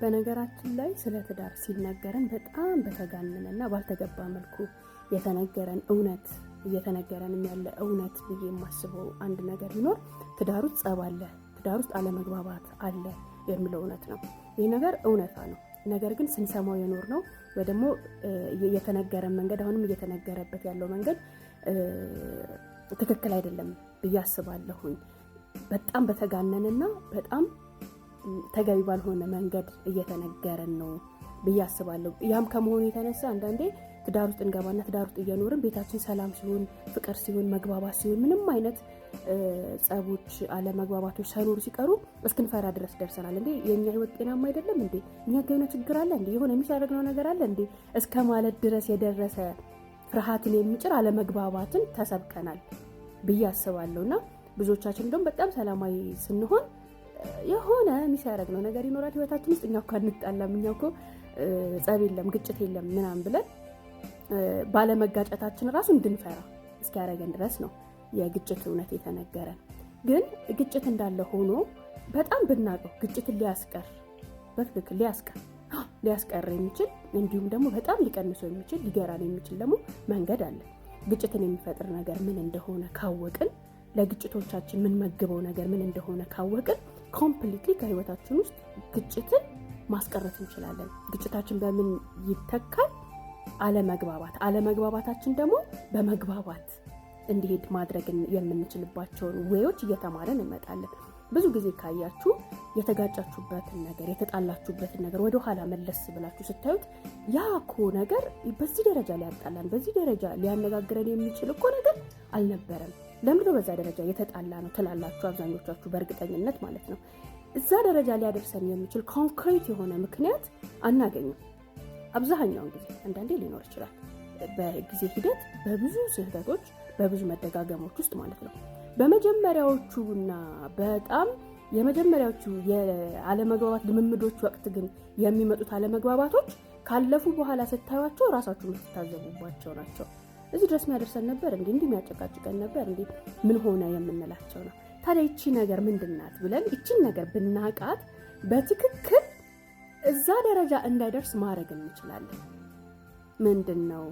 በነገራችን ላይ ስለ ትዳር ሲነገረን በጣም በተጋነነና ባልተገባ መልኩ የተነገረን እውነት እየተነገረንም ያለ እውነት ብዬ የማስበው አንድ ነገር ቢኖር ትዳር ውስጥ ጸብ አለ፣ ትዳር ውስጥ አለመግባባት አለ የሚለው እውነት ነው። ይህ ነገር እውነታ ነው። ነገር ግን ስንሰማው የኖር ነው ወይ ደግሞ የተነገረን መንገድ አሁንም እየተነገረበት ያለው መንገድ ትክክል አይደለም ብዬ አስባለሁኝ። በጣም በተጋነነና በጣም ተገቢ ባልሆነ መንገድ እየተነገረን ነው ብዬ አስባለሁ። ያም ከመሆኑ የተነሳ አንዳንዴ ትዳር ውስጥ እንገባና ትዳር ውስጥ እየኖርን ቤታችን ሰላም ሲሆን፣ ፍቅር ሲሆን፣ መግባባት ሲሆን ምንም አይነት ጸቦች፣ አለመግባባቶች ሳይኖሩ ሲቀሩ እስክንፈራ ድረስ ደርሰናል። እንዴ የእኛ ህይወት ጤናማ አይደለም እንዴ እኛ የሆነ ችግር አለ እንዴ የሆነ የሚያደርግነው ነገር አለ እንዴ እስከ ማለት ድረስ የደረሰ ፍርሃትን የሚጭር አለመግባባትን ተሰብከናል ብዬ አስባለሁ እና ብዙዎቻችን እንደውም በጣም ሰላማዊ ስንሆን የሆነ ሚስ ነው ነገር ይኖራል ህይወታችን ውስጥ። እኛ እኮ አንጣላም፣ እኛ እኮ ጸብ የለም ግጭት የለም ምናምን ብለን ባለመጋጨታችን ራሱ እንድንፈራ እስኪያደርገን ድረስ ነው የግጭት እውነት የተነገረን። ግን ግጭት እንዳለ ሆኖ በጣም ብናቀው ግጭትን ሊያስቀር በትክክል ሊያስቀር ሊያስቀር የሚችል እንዲሁም ደግሞ በጣም ሊቀንሶ የሚችል ሊገራን የሚችል ደግሞ መንገድ አለ። ግጭትን የሚፈጥር ነገር ምን እንደሆነ ካወቅን፣ ለግጭቶቻችን ምንመግበው ነገር ምን እንደሆነ ካወቅን ኮምፕሊትሊ ከህይወታችን ውስጥ ግጭትን ማስቀረት እንችላለን። ግጭታችን በምን ይተካል? አለመግባባት። አለመግባባታችን ደግሞ በመግባባት እንዲሄድ ማድረግ የምንችልባቸውን ወዎች እየተማረን እንመጣለን። ብዙ ጊዜ ካያችሁ የተጋጫችሁበትን ነገር የተጣላችሁበትን ነገር ወደ ኋላ መለስ ብላችሁ ስታዩት ያ ኮ ነገር በዚህ ደረጃ ሊያጣላን በዚህ ደረጃ ሊያነጋግረን የሚችል እኮ ነገር አልነበረም ለምንድነው በዛ ደረጃ የተጣላ ነው ትላላችሁ አብዛኞቻችሁ በእርግጠኝነት ማለት ነው። እዛ ደረጃ ሊያደርሰን የሚችል ኮንክሪት የሆነ ምክንያት አናገኝም። አብዛኛውን ጊዜ አንዳንዴ ሊኖር ይችላል፣ በጊዜ ሂደት በብዙ ስህተቶች በብዙ መደጋገሞች ውስጥ ማለት ነው። በመጀመሪያዎቹና በጣም የመጀመሪያዎቹ የአለመግባባት ልምምዶች ወቅት ግን የሚመጡት አለመግባባቶች ካለፉ በኋላ ስታዩቸው ራሳችሁ የምትታዘቡባቸው ናቸው። እዚህ ድረስ የሚያደርሰን ነበር እንዲ እንዲ የሚያጨቃጭቀን ነበር እንዲ ምን ሆነ የምንላቸው ነው። ታዲያ ይቺ ነገር ምንድናት ብለን ይቺን ነገር ብናቃት በትክክል እዛ ደረጃ እንዳይደርስ ማድረግ እንችላለን። ምንድን ነው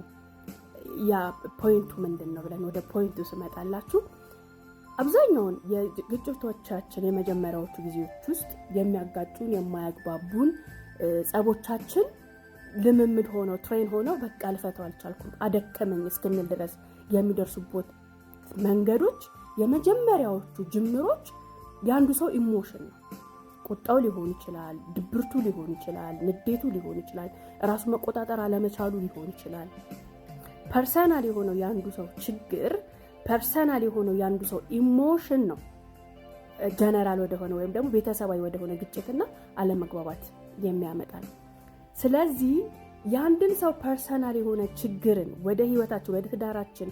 ያ ፖይንቱ ምንድን ነው ብለን ወደ ፖይንቱ ስመጣላችሁ አብዛኛውን የግጭቶቻችን የመጀመሪያዎቹ ጊዜዎች ውስጥ የሚያጋጩን የማያግባቡን ጸቦቻችን ልምምድ ሆነው ትሬን ሆነው በቃ ልፈተው አልቻልኩም አደከመኝ እስክንል ድረስ የሚደርሱበት መንገዶች የመጀመሪያዎቹ ጅምሮች የአንዱ ሰው ኢሞሽን ነው። ቁጣው ሊሆን ይችላል፣ ድብርቱ ሊሆን ይችላል፣ ንዴቱ ሊሆን ይችላል፣ ራሱ መቆጣጠር አለመቻሉ ሊሆን ይችላል። ፐርሰናል የሆነው የአንዱ ሰው ችግር ፐርሰናል የሆነው የአንዱ ሰው ኢሞሽን ነው ጀነራል ወደሆነ ወይም ደግሞ ቤተሰባዊ ወደሆነ ግጭትና አለመግባባት የሚያመጣ ነው። ስለዚህ የአንድን ሰው ፐርሰናል የሆነ ችግርን ወደ ህይወታችን ወደ ትዳራችን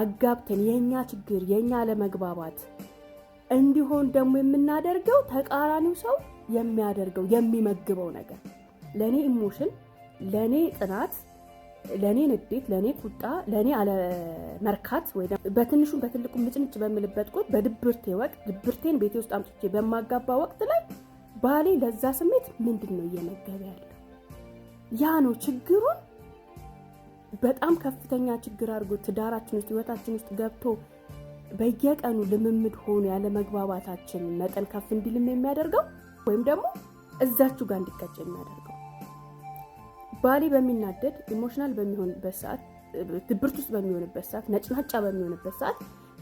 አጋብተን የእኛ ችግር የእኛ አለመግባባት እንዲሆን ደግሞ የምናደርገው ተቃራኒው ሰው የሚያደርገው የሚመግበው ነገር ለእኔ ኢሞሽን፣ ለእኔ ጥናት፣ ለእኔ ንዴት፣ ለእኔ ቁጣ፣ ለእኔ አለመርካት ወይ በትንሹም በትልቁም ምጭምጭ በምልበት ቁጥ በድብርቴ ወቅት ድብርቴን ቤቴ ውስጥ አምጥቼ በማጋባ ወቅት ላይ ባሌ ለዛ ስሜት ምንድን ነው እየመገበ ያለ ያ ነው ችግሩን በጣም ከፍተኛ ችግር አድርጎ ትዳራችን ውስጥ ህይወታችን ውስጥ ገብቶ በየቀኑ ልምምድ ሆኖ ያለ መግባባታችን መጠን ከፍ እንዲልም የሚያደርገው ወይም ደግሞ እዛችሁ ጋር እንዲቀጭ የሚያደርገው ባሌ በሚናደድ ኢሞሽናል በሚሆንበት ሰዓት፣ ድብርት ውስጥ በሚሆንበት ሰዓት፣ ነጭናጫ በሚሆንበት ሰዓት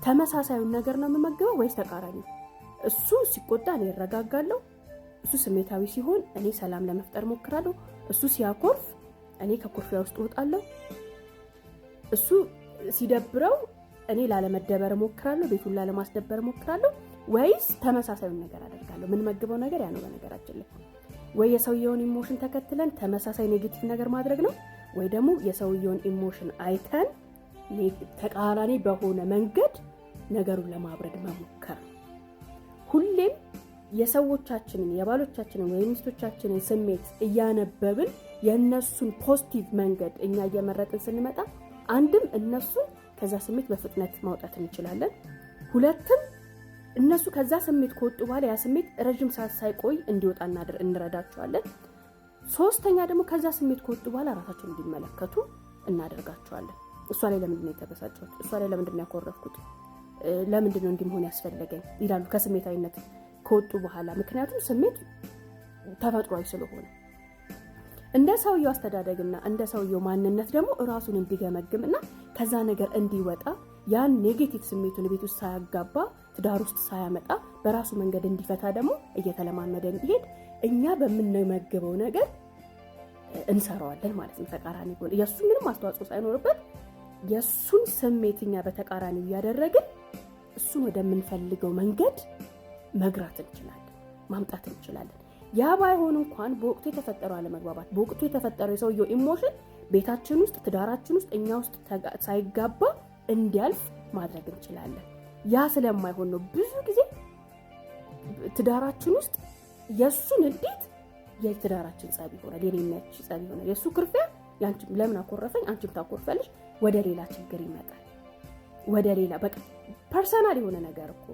ተመሳሳዩን ነገር ነው የምመግበው ወይስ ተቃራኒ? እሱ ሲቆጣ እኔ እረጋጋለሁ። እሱ ስሜታዊ ሲሆን እኔ ሰላም ለመፍጠር ሞክራለሁ። እሱ ሲያኮርፍ እኔ ከኩርፊያ ውስጥ እወጣለሁ። እሱ ሲደብረው እኔ ላለመደበር እሞክራለሁ፣ ቤቱን ላለማስደበር እሞክራለሁ። ወይስ ተመሳሳዩን ነገር አደርጋለሁ? የምንመግበው ነገር ያ ነው። በነገራችን ላይ ወይ የሰውየውን ኢሞሽን ተከትለን ተመሳሳይ ኔጌቲቭ ነገር ማድረግ ነው፣ ወይ ደግሞ የሰውየውን ኢሞሽን አይተን ተቃራኒ በሆነ መንገድ ነገሩን ለማብረድ መሞከር ሁሌም የሰዎቻችንን የባሎቻችንን ወይም ሚስቶቻችንን ስሜት እያነበብን የእነሱን ፖዚቲቭ መንገድ እኛ እየመረጥን ስንመጣ አንድም እነሱ ከዛ ስሜት በፍጥነት ማውጣት እንችላለን። ሁለትም እነሱ ከዛ ስሜት ከወጡ በኋላ ያ ስሜት ረዥም ሰዓት ሳይቆይ እንዲወጣ እንረዳቸዋለን። ሶስተኛ ደግሞ ከዛ ስሜት ከወጡ በኋላ ራሳቸውን እንዲመለከቱ እናደርጋቸዋለን። እሷ ላይ ለምንድን የተበሳጨት እሷ ላይ ለምንድን ያኮረፍኩት? ለምንድነው ነው ያስፈለገኝ? ይላሉ ከስሜታዊነት ከወጡ በኋላ ምክንያቱም ስሜት ተፈጥሯዊ ስለሆነ እንደ ሰውየው አስተዳደግና እንደ ሰውየው ማንነት ደግሞ እራሱን እንዲገመግምና ከዛ ነገር እንዲወጣ ያን ኔጌቲቭ ስሜቱን ቤት ውስጥ ሳያጋባ ትዳር ውስጥ ሳያመጣ በራሱ መንገድ እንዲፈታ ደግሞ እየተለማመደ እንዲሄድ እኛ በምንመግበው ነገር እንሰራዋለን ማለት ነው። ተቃራኒ ጎን የእሱ ምንም አስተዋጽኦ ሳይኖርበት የእሱን ስሜት እኛ በተቃራኒ እያደረግን እሱን ወደምንፈልገው መንገድ መግራት እንችላለን፣ ማምጣት እንችላለን። ያ ባይሆን እንኳን በወቅቱ የተፈጠረው አለመግባባት፣ በወቅቱ የተፈጠረው የሰውየው ኢሞሽን ቤታችን ውስጥ፣ ትዳራችን ውስጥ፣ እኛ ውስጥ ሳይጋባ እንዲያልፍ ማድረግ እንችላለን። ያ ስለማይሆን ነው ብዙ ጊዜ ትዳራችን ውስጥ የእሱን እንዴት የትዳራችን ጸብ ይሆናል፣ የኔነች ጸብ ይሆናል። የእሱ ክርፊያ ለምን አኮረፈኝ፣ አንቺም ታኮርፈልሽ፣ ወደ ሌላ ችግር ይመጣል። ወደ ሌላ በቃ ፐርሰናል የሆነ ነገር እኮ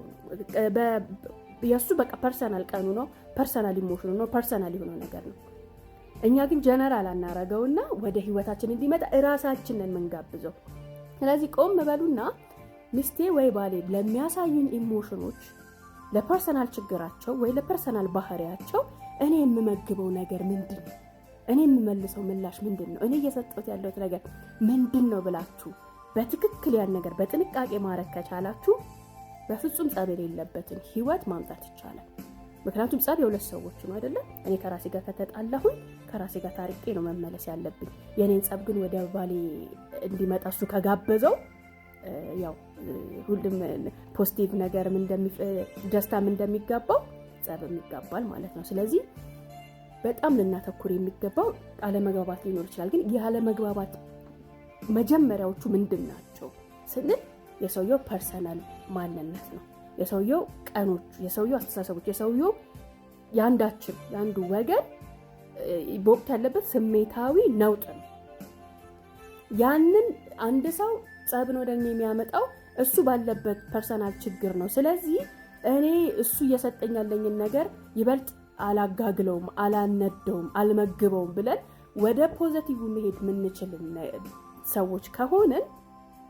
የእሱ በቃ ፐርሰናል ቀኑ ነው፣ ፐርሰናል ኢሞሽኑ ነው፣ ፐርሰናል የሆነው ነገር ነው። እኛ ግን ጀነራል አናረገውና ወደ ህይወታችን እንዲመጣ እራሳችንን የምንጋብዘው። ስለዚህ ቆም በሉና ሚስቴ ወይ ባሌ ለሚያሳዩኝ ኢሞሽኖች፣ ለፐርሰናል ችግራቸው ወይ ለፐርሰናል ባህሪያቸው እኔ የምመግበው ነገር ምንድን ነው? እኔ የምመልሰው ምላሽ ምንድን ነው? እኔ እየሰጠሁት ያለሁት ነገር ምንድን ነው ብላችሁ በትክክል ያን ነገር በጥንቃቄ ማድረግ ከቻላችሁ በፍጹም ጸብ የሌለበትን ህይወት ማምጣት ይቻላል። ምክንያቱም ጸብ የሁለት ሰዎች ነው አይደለም። እኔ ከራሴ ጋር ከተጣላሁኝ ከራሴ ጋር ታርቄ ነው መመለስ ያለብኝ። የእኔን ጸብ ግን ወደ ባሌ እንዲመጣ እሱ ከጋበዘው ያው ሁሉም ፖስቲቭ ነገርም ደስታም እንደሚጋባው ጸብም ይጋባል ማለት ነው። ስለዚህ በጣም ልናተኩር የሚገባው አለመግባባት ሊኖር ይችላል። ግን የአለመግባባት መጀመሪያዎቹ ምንድን ናቸው ስንል የሰውየው ፐርሰናል ማንነት ነው። የሰውየው ቀኖች የሰውየው አስተሳሰቦች፣ የሰውየው የአንዳችን የአንዱ ወገን በወቅት ያለበት ስሜታዊ ነውጥ ነው። ያንን አንድ ሰው ጸብን ወደ እኔ የሚያመጣው እሱ ባለበት ፐርሰናል ችግር ነው። ስለዚህ እኔ እሱ እየሰጠኝ ያለኝን ነገር ይበልጥ አላጋግለውም፣ አላነደውም፣ አልመግበውም ብለን ወደ ፖዘቲቭ መሄድ የምንችል ሰዎች ከሆንን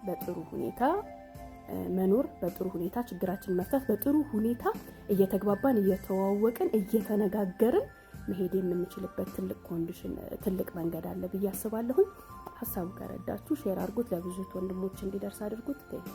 በጥሩ ሁኔታ መኖር በጥሩ ሁኔታ ችግራችን መፍታት በጥሩ ሁኔታ እየተግባባን እየተዋወቅን እየተነጋገርን መሄድ የምንችልበት ትልቅ ኮንዲሽን ትልቅ መንገድ አለ ብዬ አስባለሁኝ። ሀሳቡ ከረዳችሁ ሼር አድርጉት፣ ለብዙት ወንድሞች እንዲደርስ አድርጉት።